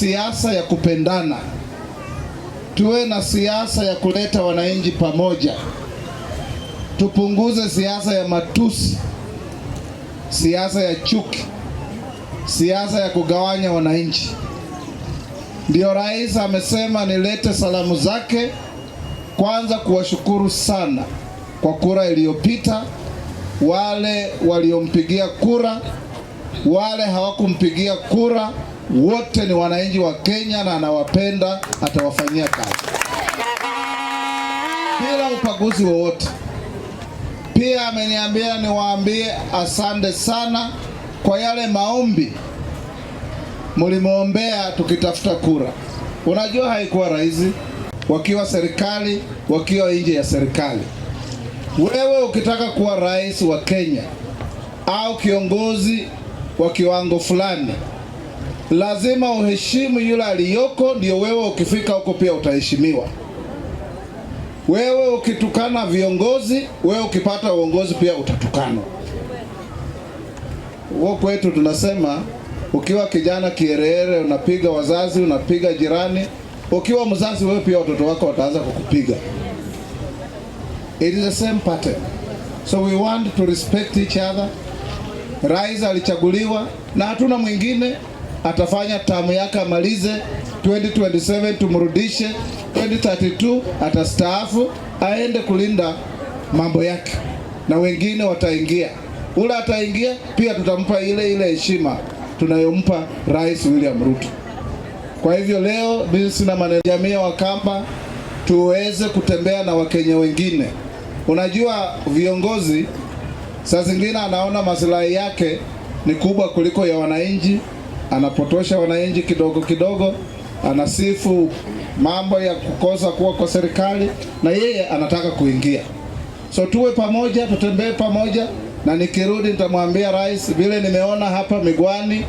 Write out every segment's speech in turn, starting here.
siasa ya kupendana, tuwe na siasa ya kuleta wananchi pamoja, tupunguze siasa ya matusi, siasa ya chuki, siasa ya kugawanya wananchi. Ndio rais amesema nilete salamu zake, kwanza kuwashukuru sana kwa kura iliyopita, wale waliompigia kura, wale hawakumpigia kura wote ni wananchi wa Kenya na anawapenda, atawafanyia kazi bila upaguzi wowote. Pia ameniambia niwaambie asante sana kwa yale maombi mlimoombea tukitafuta kura. Unajua haikuwa rahisi, wakiwa serikali, wakiwa nje ya serikali. Wewe ukitaka kuwa rais wa Kenya au kiongozi wa kiwango fulani lazima uheshimu yule aliyoko, ndio wewe ukifika huko pia utaheshimiwa. Wewe ukitukana viongozi, wewe ukipata uongozi pia utatukana. Huko kwetu tunasema ukiwa kijana kiherehere, unapiga wazazi, unapiga jirani. Ukiwa mzazi, wewe pia watoto wako wataanza kukupiga. It is the same pattern. So we want to respect each other. Rais alichaguliwa na hatuna mwingine atafanya tamu yake amalize 2027, tumrudishe 2032, atastaafu aende kulinda mambo yake, na wengine wataingia. Ule ataingia pia, tutampa ile ile heshima tunayompa Rais William Ruto. Kwa hivyo leo bisi na manajamia wa ya tuweze kutembea na Wakenya wengine. Unajua, viongozi saa zingine anaona maslahi yake ni kubwa kuliko ya wananchi anapotosha wananchi kidogo kidogo, anasifu mambo ya kukosa kuwa kwa serikali na yeye anataka kuingia. So tuwe pamoja, tutembee pamoja, na nikirudi nitamwambia rais vile nimeona hapa Migwani,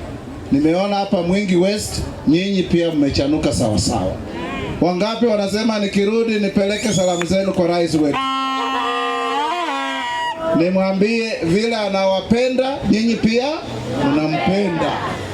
nimeona hapa Mwingi West, nyinyi pia mmechanuka sawa sawa. Wangapi wanasema nikirudi nipeleke salamu zenu kwa rais wetu, nimwambie vile anawapenda nyinyi pia mnampenda.